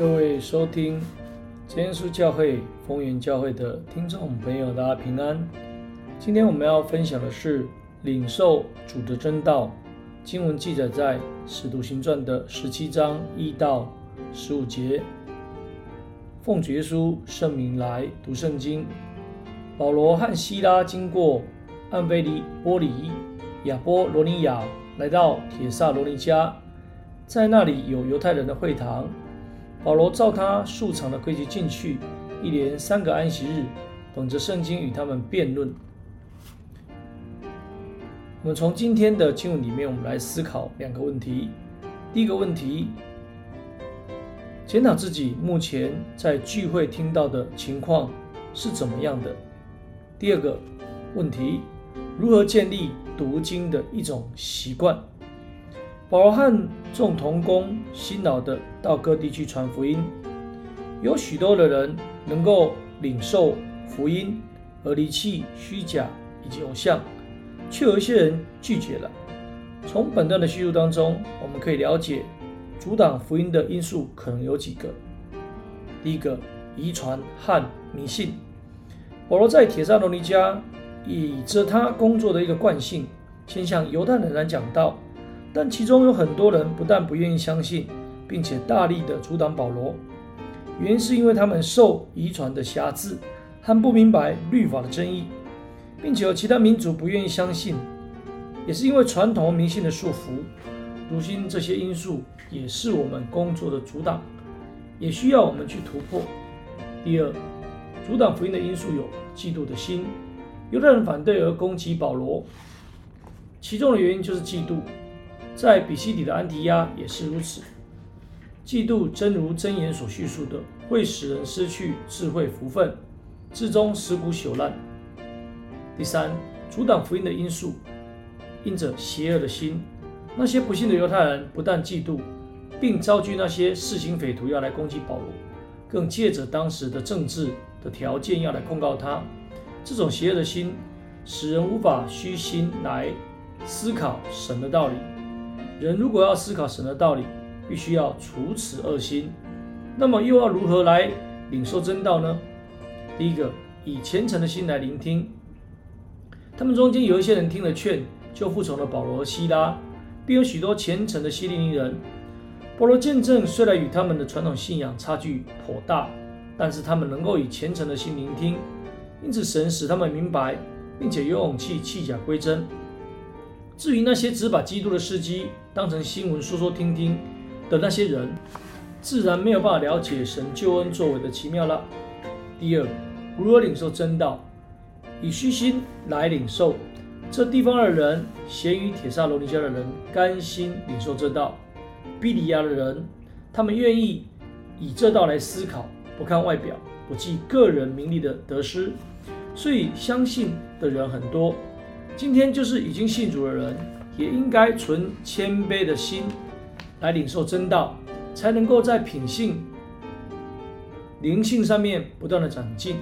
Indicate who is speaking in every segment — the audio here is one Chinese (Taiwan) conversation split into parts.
Speaker 1: 各位收聽真耶穌教會豐原教會的聽眾朋友，大家平安。今天我們要分享的是領受主的真道。經文記載在使徒行傳的十七章一到十五節。奉主耶穌聖名來讀聖經。保羅和西拉經過暗妃波里、亞波羅尼亞，來到帖撒羅尼迦，在那裡有猶太人的會堂。保羅照他素常的規矩進去，一連三個安息日，本著聖經與他們辯論。我們從今天的經文裡面，我們來思考兩個問題：第一個問題，檢討自己目前在聚會聽到的情況是怎麼樣的；第二個問題，如何建立讀經的一種習慣。保羅和眾同工辛勞的到各地去傳福音，有許多的人能夠領受福音而離棄虛假以及偶像，卻有一些人拒絕了。從本段的敘述當中，我們可以了解阻擋福音的因素可能有幾個。第一個，遺傳和迷信。保羅在帖撒羅尼迦，以着他工作的一個慣性，先向猶太人來講道。但其中有很多人不但不願意相信，並且大力的阻擋保羅，原因是因為他們受遺傳的轄制，很不明白律法的真意，並且有其他民族不願意相信，也是因為傳統迷信的束縛。如今這些因素也是我們工作的阻擋，也需要我們去突破。第二，阻擋福音的因素有嫉妒的心，有的人反對而攻擊保羅，其中的原因就是嫉妒。在彼西底的安提阿也是如此。嫉妒真如箴言所敘述的，會使人失去智慧福分、至終屍骨朽爛。第三，阻擋福音的因素，因着邪惡的心，那些不幸的猶太人不但嫉妒，並招聚那些市井匪徒要來攻擊保羅，更借着當時的政治的條件要來控告他。這種邪惡的心，使人無法虛心來思考神的道理。人如果要思考神的道理，必須要除此惡心。那麼又要如何來領受真道呢？第一個，以虔誠的心來聆聽。他們中間有一些人聽了勸，就服從了保羅和西拉，並有許多虔誠的希利尼人。保羅見證雖然與他們的傳統信仰差距頗大，但是他們能夠以虔誠的心聆聽，因此神使他們明白，並且有勇氣棄假歸真。至於那些只把基督的事蹟當成新聞說說聽聽的那些人，自然沒有辦法了解神救恩作為的奇妙了。第二，如何領受真道？以虛心來領受。這地方的人，賢於帖撒羅，羅尼迦的人，甘心領受這道；庇哩亞的人，他們願意以這道來思考，不看外表，不計個人名利的得失，所以相信的人很多。今天就是已經信主的人，也應該存謙卑的心來領受真道，才能夠在品性、靈性上面不斷的長進。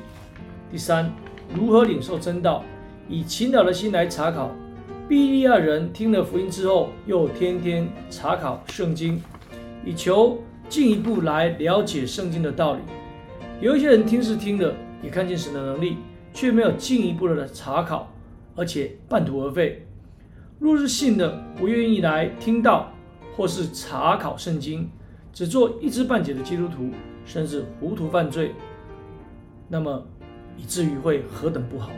Speaker 1: 第三，如何領受真道？以勤勞的心來查考。庇哩亞人聽了福音之後，又天天查考聖經，以求進一步來了解聖經的道理。有一些人聽是聽的，也看見神的能力，卻沒有進一步的查考。而且半途而廢，若是信的不願意來聽道，或是查考聖經，只做一知半解的基督徒，甚至糊塗犯罪，那麼以至於會何等不好。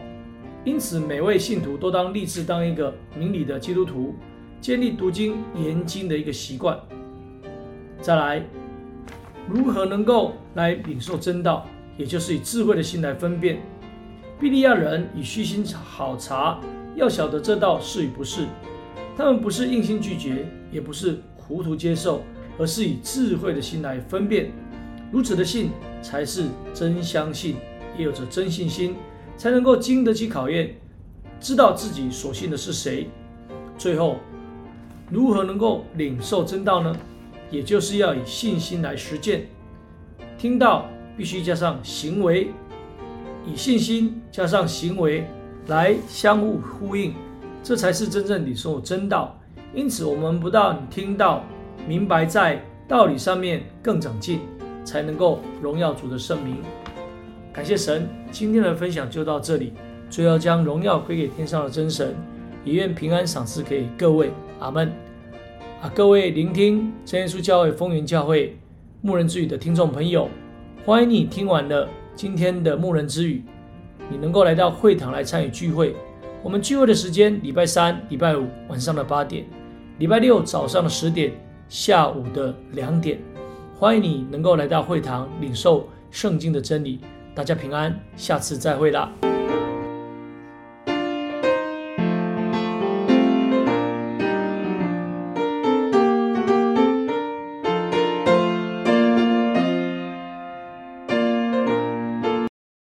Speaker 1: 因此，每位信徒都當立志當一個明理的基督徒，建立讀經研經的一個習慣。再來，如何能夠來領受真道，也就是以智慧的心來分辨。庇利亞人以虛心好查，要曉得這道是與不是。他們不是硬心拒絕，也不是糊塗接受，而是以智慧的心來分辨。如此的信才是真相信，也有着真信心，才能夠經得起考驗，知道自己所信的是誰。最後，如何能夠領受真道呢？也就是要以信心來實踐。聽到必須加上行為。以信心加上行為來相互呼應，這才是真正領受的真道。因此，我們不但聽到明白，在道理上面更長進，才能夠榮耀主的聖名。感謝神，今天的分享就到這裡。最後，將榮耀歸給天上的真神，也願平安賞賜給各位。阿門。啊，各位聆聽真耶穌教會豐原教會牧人之語的聽眾朋友，歡迎你聽完了，今天的牧人之語，你能夠來到會堂來參與聚會。我們聚會的時間：禮拜三、禮拜五晚上的八點，禮拜六早上的十點，下午的兩點。歡迎你能夠來到會堂領受聖經的真理。大家平安，下次再會啦。